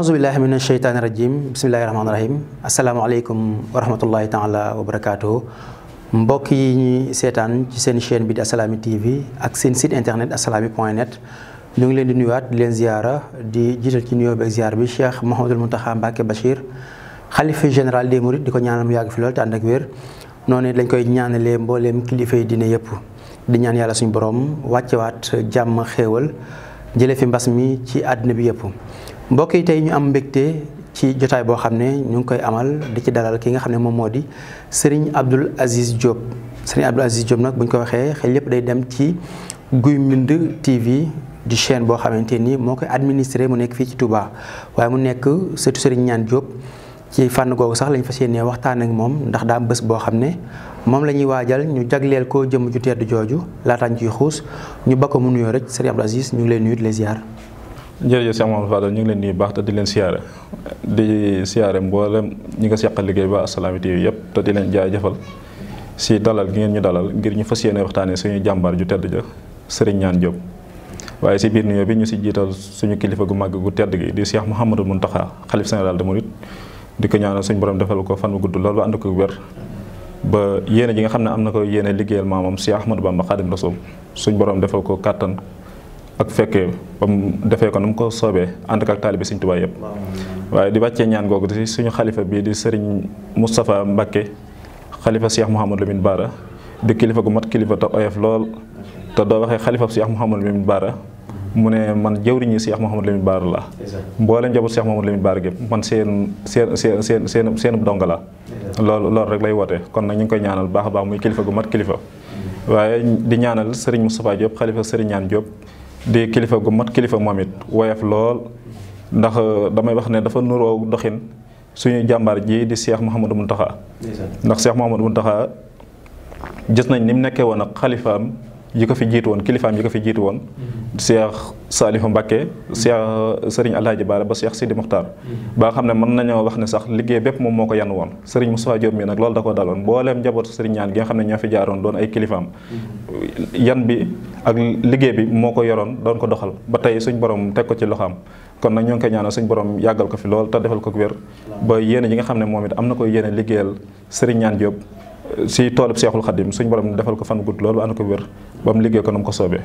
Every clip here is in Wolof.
auzu billahi min asheytaani rajim bismillahi rahmaani rahim asalaamaaleykum wa rahmatullahi taala wa barakaatuhu mbokk yi ñuy seetaan ci seen chaîne bi di Assalaamy TV ak seen site internet assalaamy point net ñu ngi leen di nuyuwaat di leen ziyaara di jiital ci nuyoo bi ak ziyaar bi Cheikh Mouhamadul Mountakha Mbacké Bachir xalifa général des mourides di ko ñaanal mu yàgg fi lool te ànd ak wér noonu lañ koy ñaanale mbooleem kilifa yi dina yëpp di ñaan yàlla suñu boroom wàccewaat jàmm xéewal mbas mi ci àddina bi yëpp mbokk yi tey ñu am mbégte ci jotaay boo xam ne ñu ngi koy amal di ci dalal ki nga xam ne moom moo di Serigne Abdoul Aziz Diop Serigne Abdoul Aziz Diop nag bu ñu ko waxee xel yépp day dem ci Guy Mbind TV di chaîne boo xamante ni moo koy administré mu nekk fii ci Touba waaye mu nekk surtout Serigne Niane Diop ci fànn googu sax lañ fas yéenee waxtaan ak moom ndax daa bës boo xam ne moom la ñuy waajal ñu jagleel ko jëm ju tedd jooju laataan ciy xuus ñu bakko mu nuyoo rek Serigne Abdoul Aziz ñu ngi lay nuyu di la jërëjëf Cheikh Mamadou ñu ngi leen di baax te di leen siyaare di siyaare mboolem ñi nga seqal liggéey ba Assalaamy TV yëpp te di leen jaajëfal si dalal gi ngeen ñu dalal ngir ñu fas yéene waxtaanee suñu jàmbaar ju tedd ja sëriñ ñaan Diop. waaye si biir nuyoo bi ñu si jiital suñu kilifa gu màgg gu tedd gi di Cheikh Mouhamadou Mountakha xalif général des it di ko ñaanal suñu borom defal ko fan wu gudd loolu ba ànd ko wér. ba yéene ji nga xam ne am na ko yéene liggéeyal maamam Cheikh Ahmadou Bamba Khadim Rasoul suñu borom defal ko kàttan ak fekkee ba mu defee ko nu mu ko soobee ànd ak taalibe Sëriñ Tuubaa yëpp waaye di wàccee ñaan googu di suñu xalifa bii di sëriñ Moustapha Mbacké xalifa Cheikh Mouhamadou Lamine Bara di kilifa gu mat kilifa te oyof lool te doo waxee xalifa Cheikh Mouhamadou Lamine Bara mu ne man jëwriñu Cheikh Mouhamadou Lamine Bara la mboole mboolem njaboot Cheikh Mouhamadou Lamine Bara gépp man seen seen seen seen seen seen donga la lool loolu rek lay woote kon nag ñu ngi koy ñaanal baax a baax muy gu mat kilifa mm. waaye di ñaanal sëriñ Moustapha Diop di kilifa gu mat kilifa moomit it woyof lool ndax euh, damay wax ne dafa nuroo doxin suñu jàmbaar ji di Cheikh Mouhamadou Mountakha ndax Cheikh Mouhamadou Mountakha gis nañ ni mu nekkee woon ak xalifaam yi ko fi jiitu woon kilifaam yi ko fi jiitu woon mm-hmm. Cheikh Saalihu Mbakke Cheikh Serigne Alhaji Baara ba Cheikh Sidi Mokhtar baa xam ne mën nañoo wax ne sax liggéey bépp moom moo ko yan woon Serigne Moustapha Diop mi nag loolu da ko daloon mbooleem njabootu Serigne ñaan gi nga xam ne ñoo fi jaaroon doon ay yan bi ak liggéey bi moo ko yoroon doon doxal ba tey suñ borom teg ko ci loxo am kon nag ñoo ngi koy ñaanal suñ borom yàggal ko fi lool te defal ko wér ba yéene yi nga xam ne moom it am na koy yéene liggéeyal Serigne ñaan Diop si toolub seexul xadim suñ borom defal ko fan gudd loolu ba ànd ko wér ba liggéey ko nam ko soobee.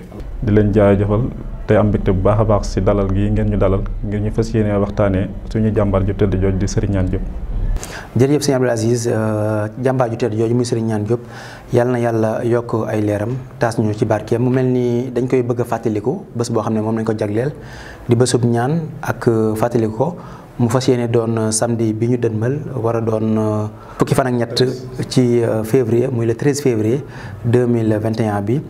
di leen jaajëfal tey am mbégte bu baax a si dalal gi ngeen ñu dalal ngir ñu fas yéene waxtaanee suñu jàmbaar ju tëdd jooj di Serigne Niane Diop. jërëjëf sëñ Abdoul Aziz euh, jàmbaar ju tëdd jooju muy Serigne Niane Diop yal na yàlla yokk ay leeram taas ñu ci barkeem mu mel nii dañ koy bëgg a fàttaliku bës boo xam ne moom lañ ko jagleel di bésub ñaan ak euh, fàttaliku ko. mu fas yéene doon euh, samedi bi ñu dënmal war a doon euh, fukki fanag ñett ci euh, février muy le 13 février 2021 bi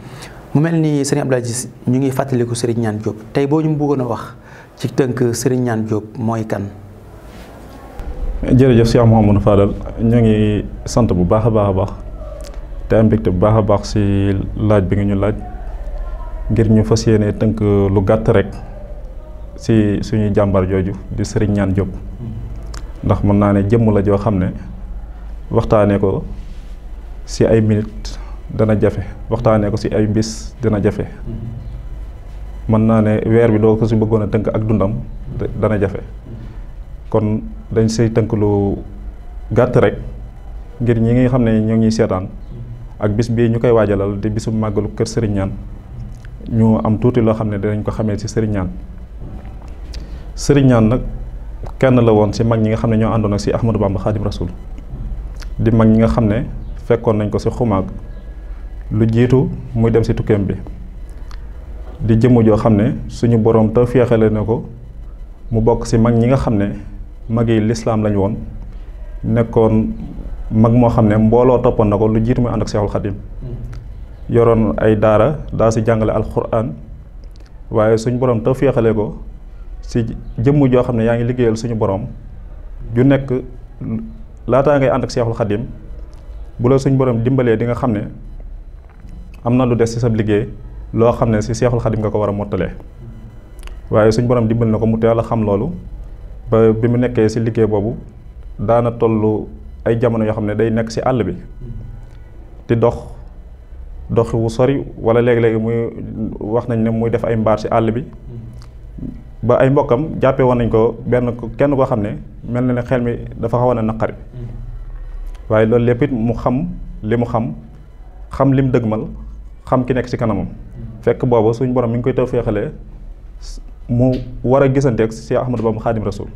mu mel ni sëriñ Abdou Aziz ñu ngi fàttaliku sëriñ Niane Diop tey boo ñu bëggoon a wax ci tënk sëriñ Niane Diop mooy kan. jërëjëf Cheikh Mouhamadou Fadal ñoo ngi sant bu baax a baax a baax te am bu baax a baax si laaj bi nga ñu laaj ngir ñu fas yéene tënk lu gàtt rek. si suñuy jàmbar jooju di sëriñ ñaan Diop ndax mën naa ne jëmm la joo xam ne waxtaanee ko si ay minutes dana jafe waxtaanee ko si ay bis dana jafe mën naa ne weer bi doo ko si bëggoon a tënk ak dundam dana jafe kon dañ say tënk lu gàtt rek ngir ñi ngi xam ne ñoo ngi seetaan ak bis bii ñu koy waajalal di bisu màggalu kër sëriñ ñaan ñu am tuuti loo xam ne dinañ ko xamee si sëriñ ñaan sëriñ nag kenn la woon ci mag ñi nga xam ne ñoo àndoon ak si Ahmadou Bamba Xaadim Rasul di mag ñi nga xam ne fekkoon nañ ko si xumaag lu jiitu muy dem si tukkeem bi di jëmm joo xam ne suñu boroom te féexale ne ko mu bokk si mag ñi nga xam ne mag yi lislaam lañu woon nekkoon mag moo xam ne mbooloo toppoon na ko lu jiitu muy ànd ak Seexul Xadim yoroon ay daara daal si jàngale alxuraan waaye suñu boroom te féexale ko si jëmm joo xam ne yaa ngi liggéeyal suñu borom ju nekk laataa ngay ànd ak seexul xadim bu la suñu borom dimbalee di nga xam ne am na lu des si sa liggéey loo xam ne si seexul xadim nga ko war a mottalee waaye suñu borom dimbal na ko mu teel a xam loolu ba bi mu nekkee si liggéey boobu daana toll ay jamono yoo xam ne day nekk si àll bi di dox. dox wu sori wala léegi-léegi muy wax nañ ne muy def ay mbaar ci àll bi ba ay mbokkam jàppee woon nañ ko benn kenn koo xam ne mel na ne xel mi dafa xawoon a naqari mm-hmm. waaye loolu lépp it mu xam li mu xam xam lim dëgmal xam ki nekk ci kanamam mm-hmm. fekk booba suñ borom mi ngi koy taw féexale mu war a gisanteeg Cheikh Ahmadou Bamba Xaadim Rasul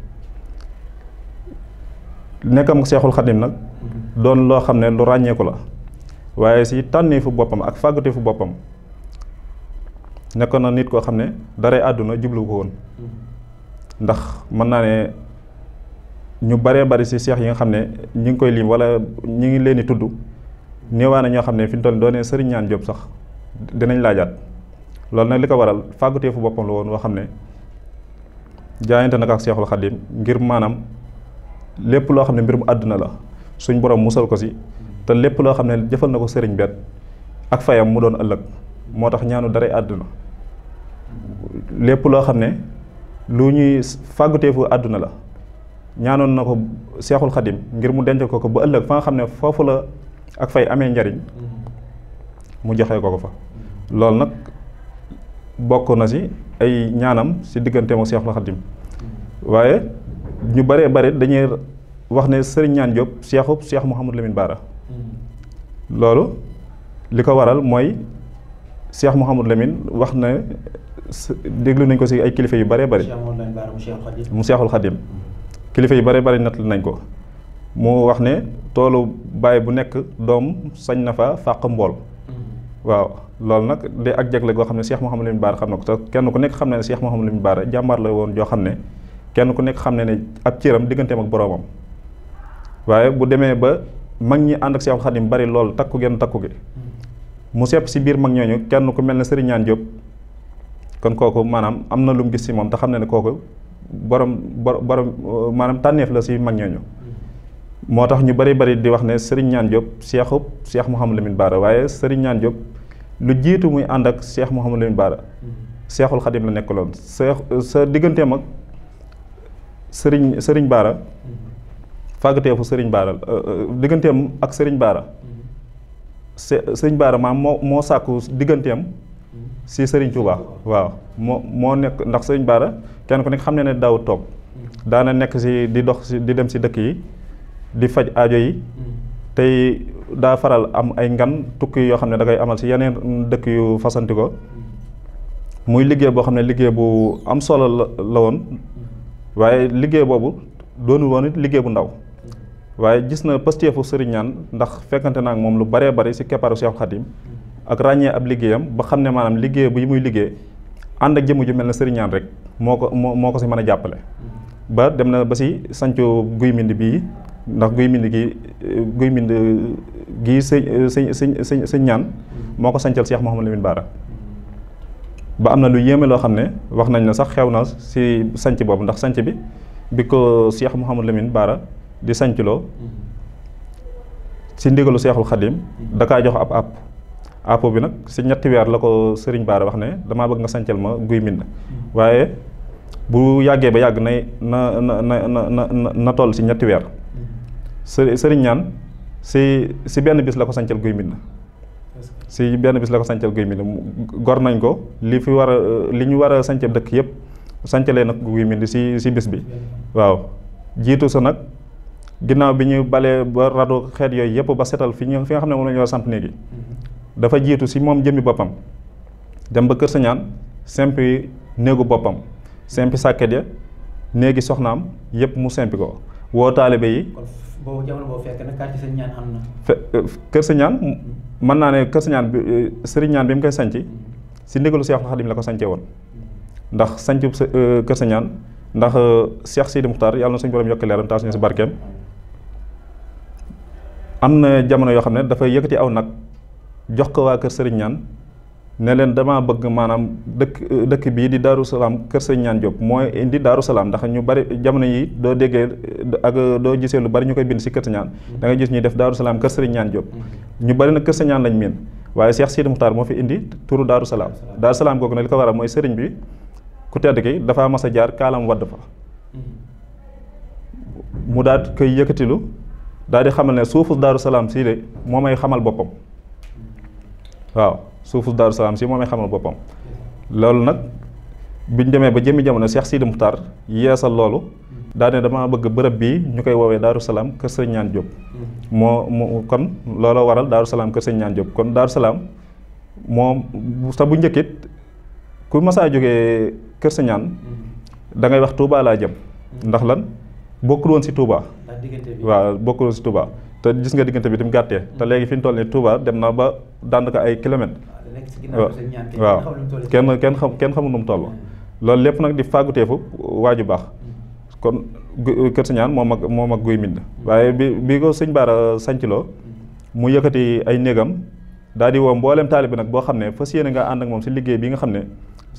nekkam Seexul Xaadim nag mm-hmm. doon loo xam ne lu ràññeeku la waaye si fu boppam ak fàggate fu boppam nekkoon na nit koo xam ne daray àdduna jublu ko woon ndax mën naa ne ñu baree bari si seex yi nga xam ne ñu ngi koy liim wala ñu ngi leen tudd néewaa na ñoo xam ne fi ñu toll doonee sëriñ ñaan Jóob sax dinañ laajaat loolu nag li ko waral fu boppam la woon woo xam ne jaayante nag ak seexul xadim ngir maanaam lépp loo xam ne mbirum àdduna la suñ borom musal ko si te lépp loo xam ne jëfal na ko sëriñ bet ak fayam mu doon ëllëg moo tax ñaanu dara àdduna lépp loo xam ne lu ñuy fàgguteefu àdduna la ñaanoon na ko seexul xadim ngir mu denc ko ko ba ëllëg fa nga xam ne foofu la ak fay amee njariñ mu joxe ko ko fa loolu nag bokk na si ay ñaanam si diggante mu seexul xadim waaye ñu bare bare dañuy wax ne sëriñ ñaan Diop seexub seex Mouhamadou Lamine Bara mm-hmm. loolu li ko waral mooy Cheikh Mouhamad Lamine wax na déglu nañ ko si ay kilifa yu bare bare mu seexul Khadim kilifa yu bare bare natt nañ ko mu wax ne toolu baay bu nekk doom sañ na fa fàq mbool mm-hmm. waaw loolu nag de ak jagle goo xam ne Cheikh Mouhamad Lamine Bara xam na ko te kenn ku nekk xam ne ne Cheikh Mouhamad Lamine Bara jàmbaar woon joo xam ne kenn ku nekk xam ne ne ab cëram digganteem ak boroomam waaye bu demee ba mag ñi ànd ak Cheikhul Khadim bari lool takku genn takku gi mm-hmm. mu sepp si biir mag ñooñu kenn ku mel ne Serigne Niane Diop kon kooku maanaam am na lu mu gis si moom te xam na ne kooku borom borom maanaam tànneef la si mag ñooñu moo tax ñu bari bari di wax ne Serigne Niane Diop seexub seex Mouhamadou Lamine Bara waaye Serigne Niane Diop lu jiitu muy ànd ak seex Mouhamadou Lamine baara seexul xadim la nekkaloon seex sa digganteem ak sëriñ Serigne Bara fàggateefu Serigne Bara digganteem ak Serigne baara sëñ Baara maam moo moo sàkku digganteem si sëriñ Touba waaw moo moo nekk ndax sëñ Baara kenn ku nekk xam ne ne daaw toog daana nekk si di dox si di dem si dëkk yi di faj aajo yi tey daa faral am ay ngan tukki yoo xam ne da ngay amal si yeneen dëkk yu fasanti ko muy liggéey boo xam ne liggéey bu am solo la woon waaye liggéey boobu doonul woon liggéey bu ndaw waaye gis na pasteefu sëriñ ñaan ndax fekkante naa ak moom lu baree bari si keppaaru Seex Xadim ak ràññee ab liggéeyam ba xam ne maanaam liggéey bi muy liggéey ànd ak jëmm ju mel ne sëriñ rek moo ko moo ko si mën a jàppale ba dem na ba si sanco guy mbind bii ndax guy mbind gi guy mbind gii sëñ sëñ sëñ sëñ ñaan moo ko sancal Seex Muhammadu Lamin Baara ba am na lu yéeme loo xam ne wax nañ ne sax xew na si sanc boobu ndax sanc bi bi ko Seex Muhammadu Lamin Baara di sañculoo ci ndigalu seexul xadim da kaa jox ab àpp àpp bi nag ci ñetti weer la ko sëriñ Baara wax ne damaa bëgg nga sañcal ma guy mind waaye bu yàggee ba yàgg nay na na na na toll ci ñetti weer së sëriñ ñaan ci ci benn bis la ko sañcal guy mbind si benn bis la ko guy mbind gor nañ ko li fi war a li ñu war a sanc dëkk yëpp sancalee nag guy mbind si si bis bi waaw jiitu sa nag ginnaaw bi ñu balee ba rado xeet yooyu yëpp ba setal fi ñu fi nga xam ne moom la ñu war néegi mm-hmm. dafa jiitu si moom jëmmi boppam dem ba kër sañaan simpi néegu boppam simpi sàkket ya néegi soxnaam yëpp mu simpi ko woo taalibe yi. ñaan am e, mm-hmm. mën naa ne kër bi e, sëriñ ñaan bi mu koy sanc mm-hmm. si ndigalu Seex Xaadim la ko sancee woon ndax sanc e, kër sëñ ñaan ndax Seex Sidi Muxtaar yàlla na suñu borom yokk leeram taas si barkeem. am na jamono yoo xam ne dafay yëkkati aw nag jox ko waa kër sëriñ ñaan ne leen dama bëgg maanaam dëkk dëkk bii di daaru salaam kër sëriñ ñaan Diop mooy indi daaru salaam ndax ñu bari jamono yi doo déggee ak doo gisee lu bari ñu koy bind si kër sëriñ ñaan mm-hmm. da ngay gis ñuy def daaru salaam kër sëriñ ñaan Diop mm-hmm. ñu bari na kër sëriñ ñaan lañ miin waaye Cheikh Sidi Muxtaar moo fi indi turu daaru salaam daaru salaam googu ne li ko waral mooy sëriñ bi ku tedd ki dafaa mas a jaar kaalam wadd fa mm-hmm. mu daat koy daal di xamal ne suufu daaru salaam si de moo may xamal boppam waaw suufu daaru salaam si moo may xamal boppam loolu nag biñ demee ba jëmmi jamono Cheikh Sidi Muxtaar yeesal loolu daa ne dama bëgg bërëb bii ñu koy woowee daaru salaam kër sëñ ñaan Diop moo moo kon looloo waral daaru salaam kër sëñ ñaan Diop kon daaru salaam moom sa bu njëkkit ku masaa jógee kër sëñ ñaan da wax tuubaa laa jëm ndax lan bokkul woon si tuubaa diggante bi waaw si Touba te gis nga diggante bi tam gàttee te léegi fi ñu toll nii Touba dem na ba dànd ko ay kilomètres ah, waaw kenn kenn xam kenn xamul nu mu toll loolu lépp nag di fàgguteefu waaju baax hmm. kon kër Sañaan moom ak moom ak guy mind waaye bi bi ko sëñ Baara sancloo mu yëkkati ay néegam daa di woo mboolem taalibe nag boo xam ne fas yéene nga ànd ak moom si liggéey bi nga xam ne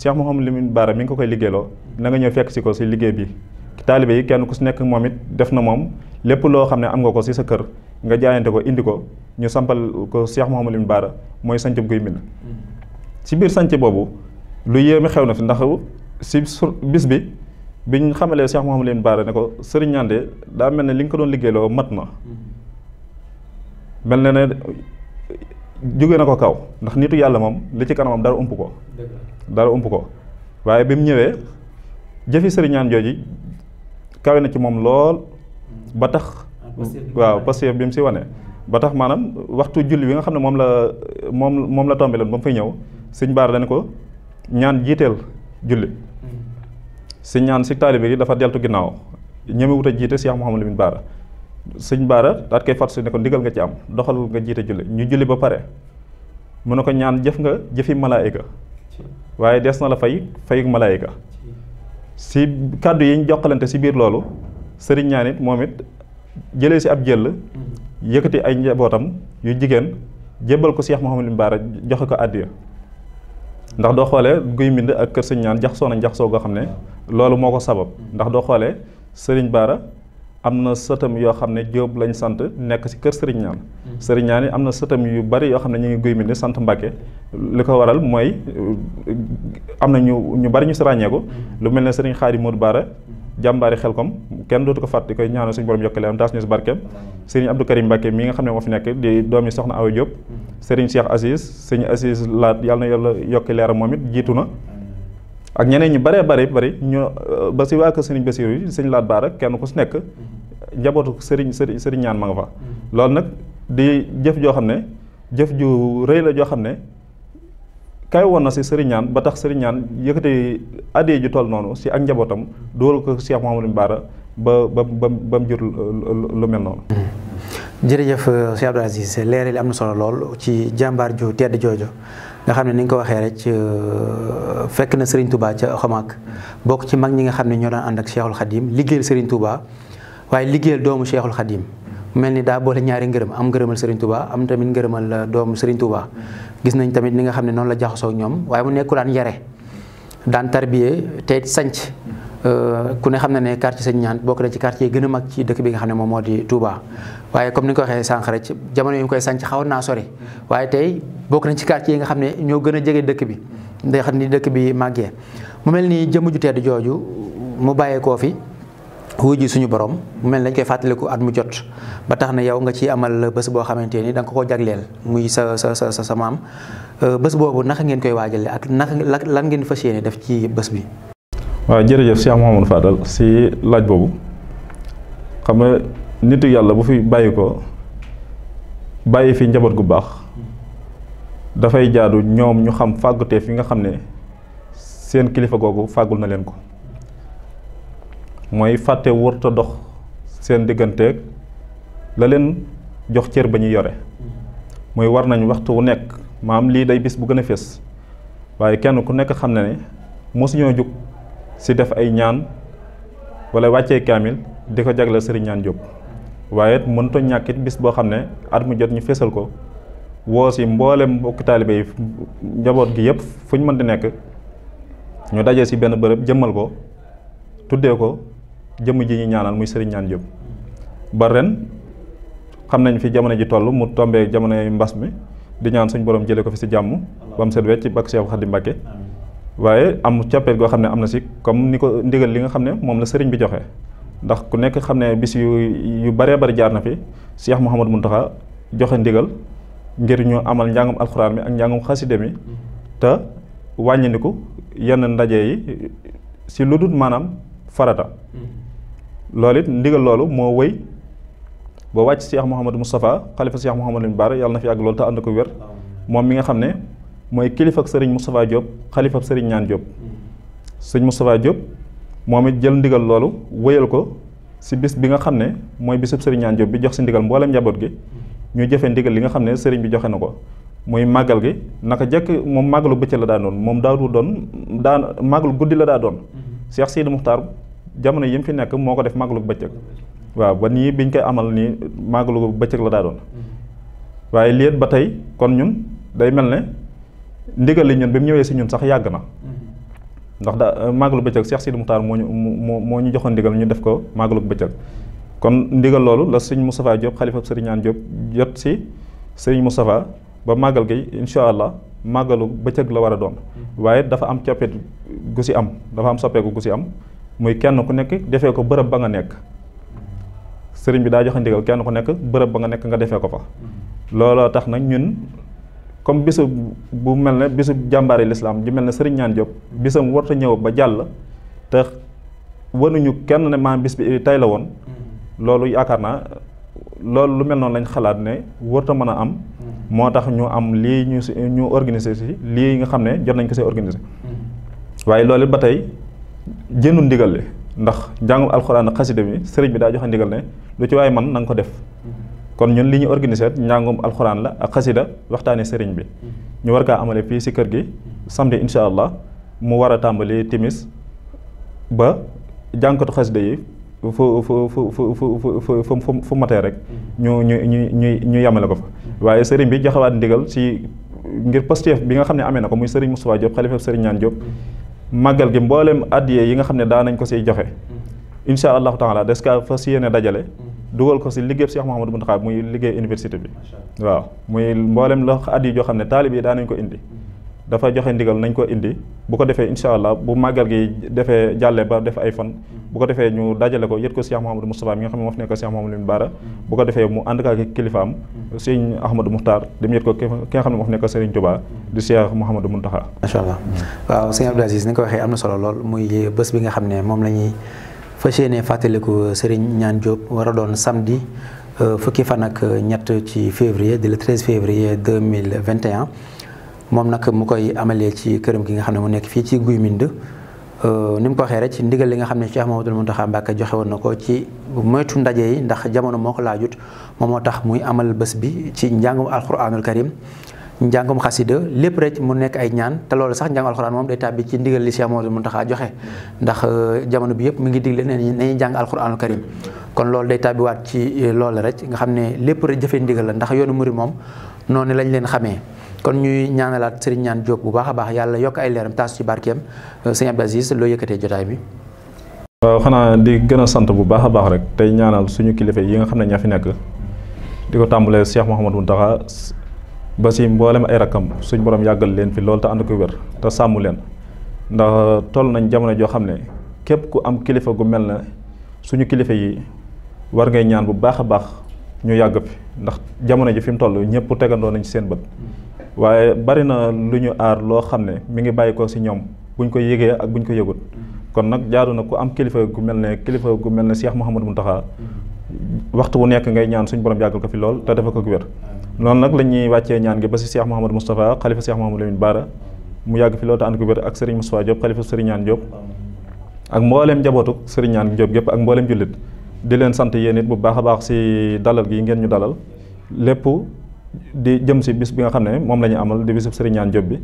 Cheikh Mouhamadou Lamine Baara mi ngi ko koy liggéeyloo na nga ñëw fekk si ko si liggéey bi taalibe yi kenn ku si nekk moom it def na moom lépp loo xam ne am nga ko si sa kër nga jaayante ko indi ko ñu sampal ko Cheikh Mouhamadou Lamine mooy sanc guy mbind si biir sanc boobu lu yéeme xew na fi ndax si sur bis bi biñ xamalee Cheikh Mouhamadou Lamine Bara ne ko sëriñ daa mel ne li nga ko doon liggéeyloo mat ma mel na ne jóge na ko kaw ndax nitu yàlla moom li ci kanamam dara ump ko dara ump ko waaye bi mu ñëwee jëfi sëriñ ñaan kawe na ci moom lool ba tax waaw pasteur bi mu si wane ba tax maanaam waxtu julli bi nga xam ne moom la moom moom la tombé leen ba mu fay ñëw sëñ baar dañ ko ñaan jiiteel julli hmm. si ñaan si taalibe dafa deltu ginnaaw ñeme wut a jiite Cheikh Mouhamadou Lamine Bara sëñ Baara daat koy fàttali ne ko ndigal nga ci am doxal nga jiite julli ñu julli ba pare mu ne ko ñaan jëf nga jëfi malaayika waaye des na la fay fayuk malaayika si kàddu yi ñu jokkalante si biir loolu sëriñ ñaan moom it jëlee si ab jëll mhm. yëkkati ay njabootam yu jigéen jébbal ko Cheikh Mouhamadou Mbara joxe ko àddiya ndax doo xoolee guy mbind ak kër sëñ ñaan jaxsoo nañ jaxsoo goo xam ne loolu moo ko sabab mhm. ndax doo xoolee sëriñ Baara am na sëtam yoo xam ne Jóob lañ sant nekk ci kër sëriñ Ñaan Serigne Ñaan mm-hmm. am na sëtam yu bari yoo xam ne ñu ngi Guy Mbind sant Mbàkke li ko waral mooy uh, am na ñu ñu bari ñu si ràññeeku mm-hmm. lu mel ne Serigne Xaari Moodu Baara jàmbaari xelkom kenn ko fàtte koy ñaanal suñu borom yokkale am taas ñu si barkeem mm-hmm. Serigne Abdou Karim Mbàkke mi nga xam ne moo fi nekk di doomi soxna Awa Jóob Serigne Cheikh Assis Serigne Assis laat yàlla na yàlla yokki leeram moom it jiitu na ak ñeneen ñu baree bari bari ñu euh, ba si waa kër sëriñ Basiiru yi sëñ Laat Baara kenn ku si nekk njabootu sëriñ sëriñ sëriñ ñaan ma nga mm-hmm. loolu nag di jëf joo xam ne jëf ju rëy la joo xam ne kay woon na si sëriñ ñaan ba tax sëriñ ñaan yëkkati addiya ju toll noonu si ak njabootam dool ko Cheikh Mouhamadou Bara ba ba ba ba mu jur lu mel noonu mm-hmm. jërëjëf Cheikh Abdou Aziz leeral yi am na solo lool ci jàmbaar ju tedd joojo nga xam ne ni nga ko waxee rek euh, fekk na Serigne Touba ca Xomaak bokk ci mag ñi nga xam ne ñoo daan ànd ak Cheikhul Khadim liggéeyal Serigne Touba waaye liggéeyal doomu Cheikhul Khadim mel ni daa boole ñaari ngërëm am ngërëmal Serigne Touba am tamit ngërëmal euh, doomu Serigne Touba. gis nañ tamit ni nga xam ne noonu la jaxasoo ñoom waaye mu nekkul daan yare daan tarbiyee te sanc Euh, ku ne xam na ne quartier Sëñ Ñaan bokk na ci quartier yi gën a mag ci dëkk bi nga xam ne moom moo di Touba waaye comme ni nga ko waxee sànq rek jamono yi ñu koy sanc xawoon naa sori waaye tey bokk nañ ci quartier yi nga xam ne ñoo gën a jege dëkk bi nga xam ni dëkk bi màggee mu mel ni jëmm ju tedd jooju mu bàyyee bàyyeekoo fi wuy ji suñu borom mu mel ni dañ koy fàttaliku at mu jot ba tax na yow nga ci amal bés boo xamante ni da nga ko jagleel muy sa sa sa sa maam euh, bés boobu naka ngeen koy waajalee ak naka lan ngeen fas yéene def ci bés bi. waaw jërëjëf Cheikh Mouhamadou Fadal si laaj boobu xam nga nitu yàlla bu fi bàyyi ko bàyyi fi njaboot gu baax dafay jaadu ñoom ñu xam fàgguteef fi nga xam ne seen kilifa googu fàggul na leen ko mooy fàtte wërta dox seen digganteeg la leen jox cër ba ñu yore muy war nañu waxtu wu nekk maam lii day bis bu gën a fees waaye kenn ku nekk xam na ne mosuñoo jóg si def ay ñaan walla wàccee kaamil di ko jagleel sëriñ ñaan Diop waaye mënta ñàkkit bis boo xam ne at mu jot ñu fesal ko woo si mboole mbokki taalibe yi njaboot gi yëpp fu ñu mën di nekk ñu daje si benn bërëb jëmmal ko tuddee ko jëmm ji ñu ñaanal muy sëriñ ñaan Diop ba ren xam nañ fi jamono ji toll mu tombee jamonoy mbas mi di ñaan suñ borom jëlee ko fi si jàmm ba mu set wecc bakk Cheikh Xadim Mbacké waaye am coppeel goo xam ne am na si comme ni ko ndigal li nga xam ne moom la sëriñ bi joxe ndax ku nekk xam ne bis yu yu baree bari jaar na fi Cheikh Mouhamadou Mountakha joxe ndigal ngir ñu amal njàngum alxuraan ak njàngum xaside mi te wàññindiku yenn ndaje yi si lu dul maanaam farata loolu it ndigal loolu moo wëy ba wàcc Cheikh Mouhamadou Moustapha xalifa Cheikh Mouhamadou Lamine Bara yàlla na fi ak loolu te ànd ko wér moom mi nga xam ne mooy kilifa ak sëriñ Moustapha Diop xalifa ak sëriñ ñaan Diop. sëñ Moustapha Diop moom it jël ndigal loolu wéyal ko si bis bi nga xam ne mooy bisub sëriñ ñaan Diop bi jox si ndigal mboolem njaboot gi. ñu jëfe ndigal li nga xam ne sëriñ bi joxe na ko. muy màggal gi naka jekk moom màggalu bëccëg la daa doon moom daa doon daan màggalu guddi la daa doon. Cheikh Sidi Muxtaar jamono yi mu fi nekk moo ko def màggalu bëccëg. waaw ba nii biñ koy amal nii màggalu bëccëg la daa doon. waaye ba tey kon ñun mel ndigal li ñun bi mu ñëwee si ñun sax yàgg na mm-hmm. ndax da euh, màggalu bëccëg Cheikh Sidi Moukhtar moo ñu moo moo ñu joxoon ndigal ñu def ko màggalu bëccëg kon ndigal loolu la sëñ Moustapha Diop xalifa sëriñ Ñaan Diop jot si sëriñ Moustapha ba màggal gi incha allah màggalu bëccëg la war a doom mm-hmm. waaye dafa am coppite gu si am dafa am soppeeku gu si am muy kenn ku nekk defee ko bërëb ba nga nekk mm-hmm. sëriñ bi daa joxe ndigal kenn ku nekk bërëb ba nga nekk nga defee ko fa looloo tax nag ñun comme bisu bu mel ne bisu jàmbaari lislaam ju mel ne Serigne ñaan Diop bisam warta ñëw ba jàll te wanuñu kenn ne maam bis bi tey la woon mm-hmm. loolu yaakaar naa loolu lu mel noonu lañ xalaat ne warta mën a am mm-hmm. moo tax ñu am lii ñu si ñu organiser si lii nga xam ne jot nañ ko see organiser mm-hmm. waaye loolu ba tey jëndu ndigal li ndax njàngum alxuraan xasida bi sëriñ bi daa joxe ndigal ne lu ci waaye man na ko def kon ñun li ñu organisé njàngum alxuraan la ak xasida waxtaane sëriñ bi ñu war kaa amale fii si kër gi samedi incha allah mu war a tàmbali timis ba jànkatu xasida yi fu fu fu fu fu fu fu rek ñu ñu ñu ñu ñu yemale ko fa waaye sëriñ bi joxewaat ndigal si ngir postef bi nga xam ne ame na ko muy sëriñ Moustapha Diop xalifa sëriñ ñaan Diop màggal gi mbooleem addiyee yi nga xam ne daa nañ ko siy joxe mm. incha allahu taala des ka fas yéene dajale mm. dugal ko si liggéey Cheikh Mouhamadou Mountakha muy liggéey université bi waaw muy mboolem la at yi joo xam ne taalib yi daanañ ko indi dafa joxe ndigal nañ ko indi bu ko defee incha allah bu màggal gi defee jàlle ba def ay fan bu ko defee ñu dajale ko yët ko Cheikh Mouhamadou Moustapha mi nga xam ne moo fi nekk Cheikh Mouhamadou Lamine Bara bu ko defee mu ànd ak kilifaam Serigne Ahmadou Moukhtar dem yët ko ki nga xam ne moo nekk Serigne Touba di Cheikh Mouhamadou macha allah waaw Serigne Abdou ko waxee am na solo lool muy bés bi nga xam ne moom la fas yéene fàttaliku Serigne ñaan Diop war a doon samedi euh, fukki fan ak euh, ñett ci février di le 13 février 2021 moom nag mu koy amalee ci këram gi nga xam ne mu nekk fii ci Guy Mbind euh, ni mu ko waxee rek ci ndigal li nga xam ne Cheikh Mamadou Mountakha Mbacké joxe woon ko ci moytu ndaje yi ndax jamono moo ko laajut moom moo tax muy amal bés bi ci njàngum alquranul karim njàngum xasida lépp rek mu nekk ay ñaan te loolu sax njàng alxuraan moom day tàbbi ci ndigal li Cheikh Mouhamadou Mountakha joxe ndax euh, jamono bi yëpp mu ngi digle ne nañuy jàng alxuraanul karim kon loolu day tàbbiwaat ci euh, loolu rek nga xam ne lépp rek jëfe ndigal la ndax yoonu muri moom noonu lañ leen xamee kon ñuy ñaanalaat Serigne ñaan Diop bu baax a baax yàlla yokk ay leeram taas ci barkeem euh, sëñ Abdou Aziz loo yëkkatee jotaay bi. waaw xanaa di gën a sant bu baax a baax rek tey ñaanal suñu kilifa yi nga xam ne ña fi nekk di ko tàmbalee Cheikh ba si mboolem ay rakkam suñ boroom yàggal leen fi loolu te ànd ko wér te sàmm leen ndax toll nañ jamono joo xam ne képp ku am kilifa gu mel na suñu kilifa yi war ngay ñaan bu baax a baax ñu yàgg fi ndax jamono ji fi mu toll ñëpp tegandoo nañ seen bët waaye bari na lu ñu aar loo xam ne mi ngi bàyyi si ñoom buñ ko yëgee ak buñ ko yëgut kon nag jaadu na ku am kilifa gu mel ne kilifa gu mel ne Cheikh Mouhamadou Mountakha mm-hmm. waxtu wu nekk ngay ñaan suñu borom yàggal ko fi lool te dafa ko wér noonu nag la ñuy wàccee ñaan gi ba si Cheikh Mouhamadou Moustapha xalifa Cheikh Mouhamadou Lamine Bara mu yàgg fi loolu te ànd ak Serigne Moustapha Diop xalifa Serigne Ñaan Diop ak mbooleem njabootu Serigne Ñaan Diop gépp ak mbooleem jullit di leen sant yéen bu baax a baax si dalal gi ngeen ñu dalal lépp di jëm si bis bi nga xam ne moom la ñu amal di bisub Serigne bi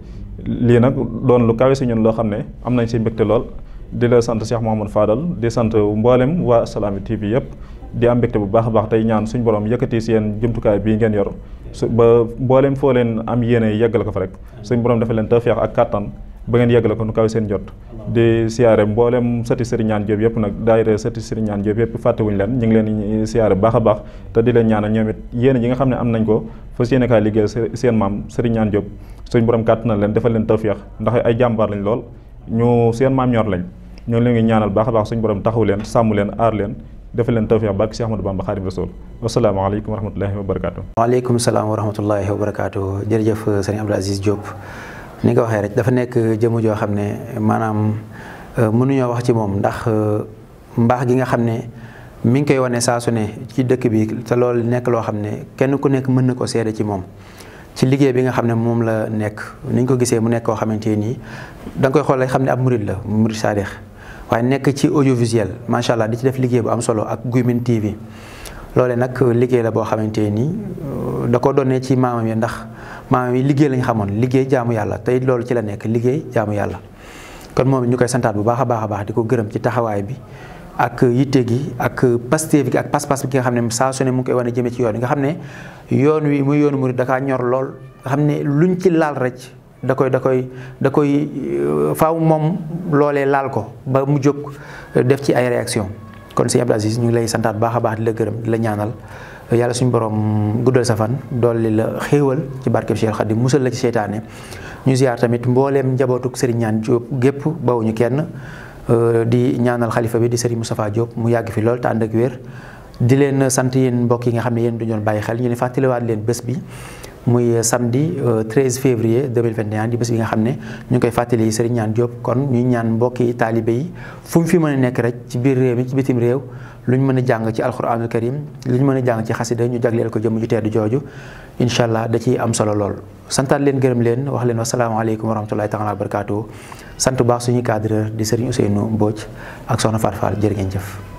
lii nag doon lu kawe si ñun loo xam ne am nañ si mbégte lool di la sant Cheikh Mouhamadou Fadal di sant mbooleem waa Assalaamy TV yëpp di am mbégte bu baax a baax tey ñaan suñu borom yëkkati seen jumtukaay bi ngeen yor su ba mbooleem foo leen am yéene yeggale ko fa rek suñu borom dafa leen tawfeex ak kattan ba ngeen yeggale ko nu kaw jot di siyaare mbooleem sati sëriñ ñaan yëpp nag daayira sati sëriñ ñaan yëpp fàttewuñu leen ñu ngi leen siyaare baax a baax te di leen ñaanal it yéene yi nga xam ne am nañ ko fas yéene kaa liggéey seen maam sëriñ suñ borom kàttanal leen dafa leen tawfeex ndax ay jàmbaar lañ lool ñu seen maam ñor lañ ñoo leen ngi ñaanal baax a baax suñu borom taxaw leen sàmm leen aar leen defal leen tawfiq bàkk Cheikh Ahmadou Bamba Xaadim Rasul wasalaamaaleykum wa rahmatullahi wa barakaatu. waaleykum salaam wa rahmatullahi wa barakaatu jërëjëf sëriñ Abdou Aziz Diop ni nga waxee rek dafa nekk jëmm joo xam ne maanaam euh, mënuñoo wax ci moom ndax euh, mbaax gi nga xam ne mi ngi koy wane saa ne ci dëkk bi te loolu nekk loo xam ne kenn ku nekk mën na ko seede ci moom. ci liggéey bi nga xam ne moom la nekk ni ko gisee mu nekk koo xamante nii da nga koy xool xam ne ab murid la murid saadix waaye nekk ci audiovisuel macha allah di ci def liggéey bu am solo ak Gouye Mine TV loole nag euh, liggéey la boo xamante nii euh, da ko donnee ci maamam yi ndax maamam yi liggéey lañ xamoon liggéey jaamu yàlla tey loolu ci la nekk liggéey jaamu yàlla. kon moom ñu koy santaat bu baax a baax a baax di ko gërëm ci taxawaay bi ak yitte gi ak pasteef gi ak pas-pas bi nga xam ne saa su ne mu ngi koy wane jëmee ci yoon yi nga xam ne yoon wi muy yoonu mu da kaa ñor lool nga xam ne luñ ci laal rek. da koy da koy da koy euh, faw moom loolee laal ko ba mu jóg def ci ay réaction kon sëñ Abdou ñu ngi lay santaat baax a baax di la gërëm di la ñaanal yàlla suñu borom guddal sa fan dolli la xéewal ci barkeb Cheikh Khadim musal la ci seytaane ñu ziar tamit mbooleem njabootuk Serigne Niane Diop gépp bawuñu kenn euh, di ñaanal xalifa bi di Serigne musafaa Diop mu yàgg fi lool te ànd di leen sant yéen mbokk yi nga xam ne yenn du ñu doon bàyyi xel ñu ne fàttaliwaat leen bés bi muy samedi 13 euh, février 2021 di bés bi nga xam ne ñu ngi koy fàttali Serigne ñaan Diop kon ñuy ñaan mbokk yi taalibe yi fu mu fi mën a nekk rek ci biir réew mi ci bitim réew lu ñu mën a jàng ci al alxuraanul karim lu ñu mën a jàng ci xasida ñu jagleel ko jëm ju tedd jooju incha allah da ciy am solo lool. santaat leen gërëm leen wax leen wasalaamaaleykum wa rahmatulahi taala wa barakaatu sant baax suñu cadreur di Serigne Ousseynou Mbodj ak soxna Fatou Fall jërë jëf.